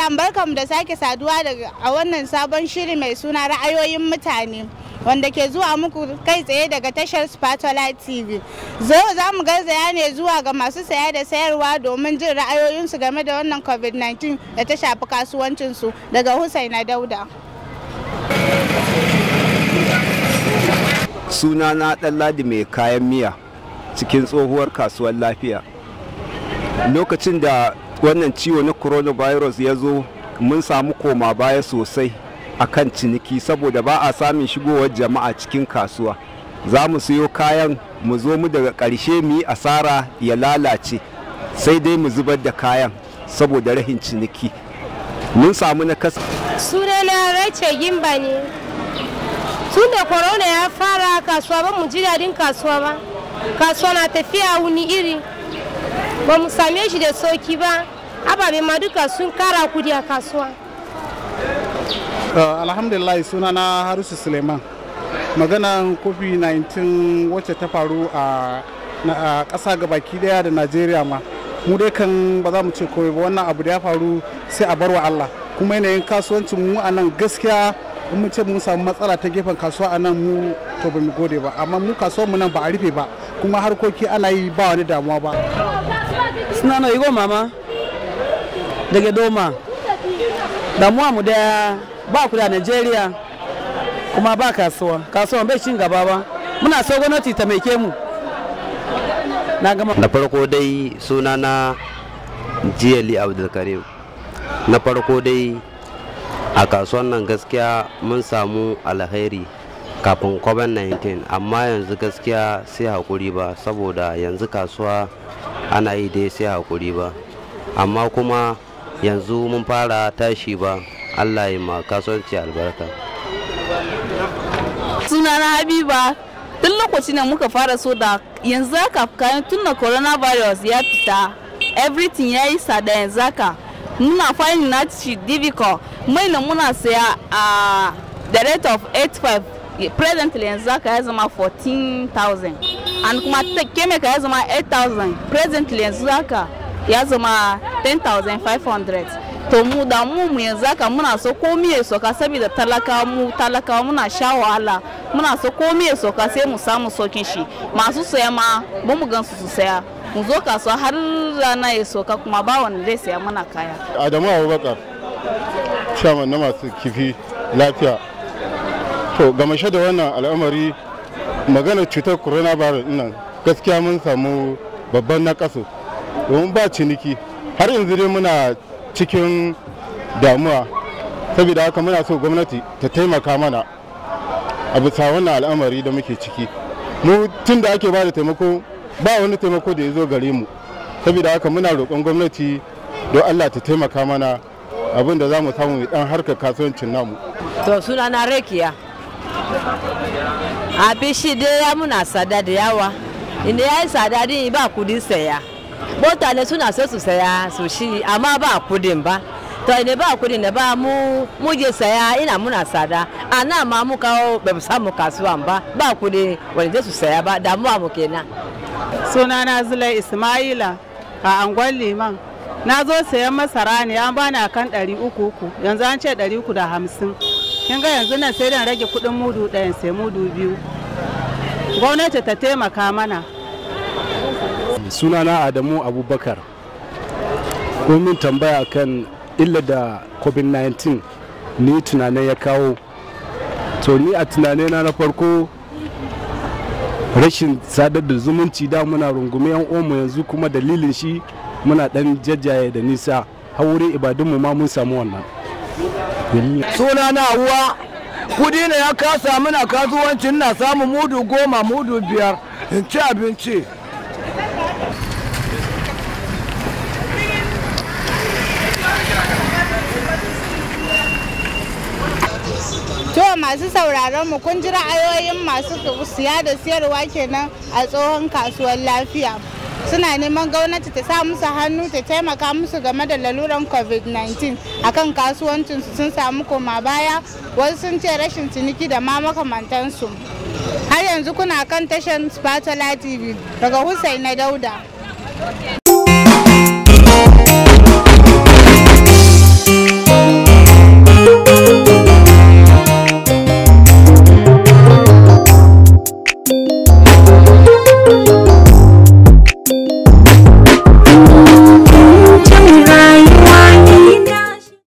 salam barkamu da sake saduwa daga a wannan sabon shiri mai suna ra'ayoyin mutane wanda ke zuwa muku kai tsaye daga tashar Spatola TV. Zo za mu garzaya ne zuwa ga masu saya da sayarwa domin jin ra'ayoyinsu game da wannan COVID-19 da ta shafi kasuwancinsu daga Husaina Dauda. Suna na Ɗanladi mai kayan miya cikin tsohuwar kasuwar lafiya. Lokacin da wannan ciwo na coronavirus ya zo mun samu koma baya sosai a kan ciniki saboda ba a samun shigowar jama'a cikin kasuwa za mu siyo kayan mu zo mu daga ƙarshe mu yi asara ya lalace sai dai mu zubar da kayan saboda rahin ciniki mun samu na kasa sunana rachel gimba ne tun da corona ya fara kasuwa ba mu ji dadin kasuwa ba kasuwa na tafiya wuni iri ba mu same shi da sauki ba ababe ma duka sun kara kudi a kasuwa uh, alhamdulillah suna na harusu suleiman maganan kofi 19 wacce ta faru a ƙasa gabaki daya da najeriya ma mu dai kan ba za mu ce kawai ba wannan abu da ya faru sai a bar wa allah kuma yanayin kasuwancin mu a nan gaskiya in mu ce mun samu matsala ta gefen kasuwa a nan mu to ba mu gode ba amma mu kasuwar mu nan ba a rufe ba kuma harkoki ana yi ba wani damuwa ba suna na igo mama daga doma damuwa mu da ba ku da nigeria kuma ba kasuwa kasuwa bai shi gaba ba muna so gwamnati ta maike mu na gama na farko dai suna na jiyali abdulkarim na farko dai a kasuwan nan gaskiya mun samu alheri kafin covid-19 amma yanzu gaskiya sai hakuri ba saboda yanzu kasuwa ana yi dai sai hakuri ba amma kuma yanzu mun fara tashi ba allah yi ma kasuwanci albarka sunana habiba tun lokacin da muka fara so da yanzu aka kayan tun da coronavirus ya fita everything ya yi sada yanzu aka muna fahimci na ci difficult mai na muna saya a the rate of 85 presently yanzu aka ya zama 14,000 and kuma ka ya zama 8000 presently yanzu haka ya zama 10500 to mu da mu mu yanzu haka muna so komi ya soka saboda talakawa mu talakawa muna sha wahala muna so komi ya soka sai mu samu sokin shi masu saya ma ba mu gan su su saya mu zo kasuwa har rana ya soka kuma ba wanda zai saya muna kaya adamu abubakar shaman na masu kifi lafiya to gamashe da wannan al'amari maganar cutar coronavirus nan gaskiya mun samu babban nakasu domin ba ciniki har yanzu dai muna cikin damuwa saboda haka muna so gwamnati ta taimaka mana a bisa wannan al'amari da muke ciki mu tun da ake ba da taimako ba wani taimako da ya zo gare mu saboda haka muna roƙon gwamnati don allah ta taimaka mana abin da za mu samu dan harkar kasuwancin namu to suna na rekiya abin shi dai muna sada da yawa inda ya sada din ba kudin saya ne suna so su saya su shi amma ba kudin ba to ina ba kudin da ba mu muje saya ina muna sada a na ma mu kawo ba mu samu kasuwa ba ba kudi wanda su saya ba damuwa mu kenan na zulai ismaila a angon liman na zo sayan masara ne an bani akan ɗari uku uku yanzu an ce ɗari uku da hamsin kin ga yanzu nan sai dan rage kudin mudu ɗayan sai mudu biyu gwamnati ta taimaka mana sunana adamu abubakar komin tambaya kan illa da covid-19 ni tunanin ya kawo to ni a tunanin na na farko rashin sadar da zumunci da muna rungume yan omu yanzu kuma dalilin shi muna dan jajjaye da nisa haure wurin ibadunmu ma mun samu wannan suna na uwa kudi ne ya kasa muna kasuwancin na samun mudu goma mudu biyar in ci abinci To masu sauraron mu kun ji ra'ayoyin masu siya da siyarwa kenan a tsohon kasuwar lafiya. suna neman gwamnati ta sa musu hannu ta taimaka musu game da laluran covid-19 akan kasuwancinsu sun samu koma baya wasu sun ce rashin ciniki da ma makamantansu har yanzu kuna kan tashar spatula tv daga hussein na dauda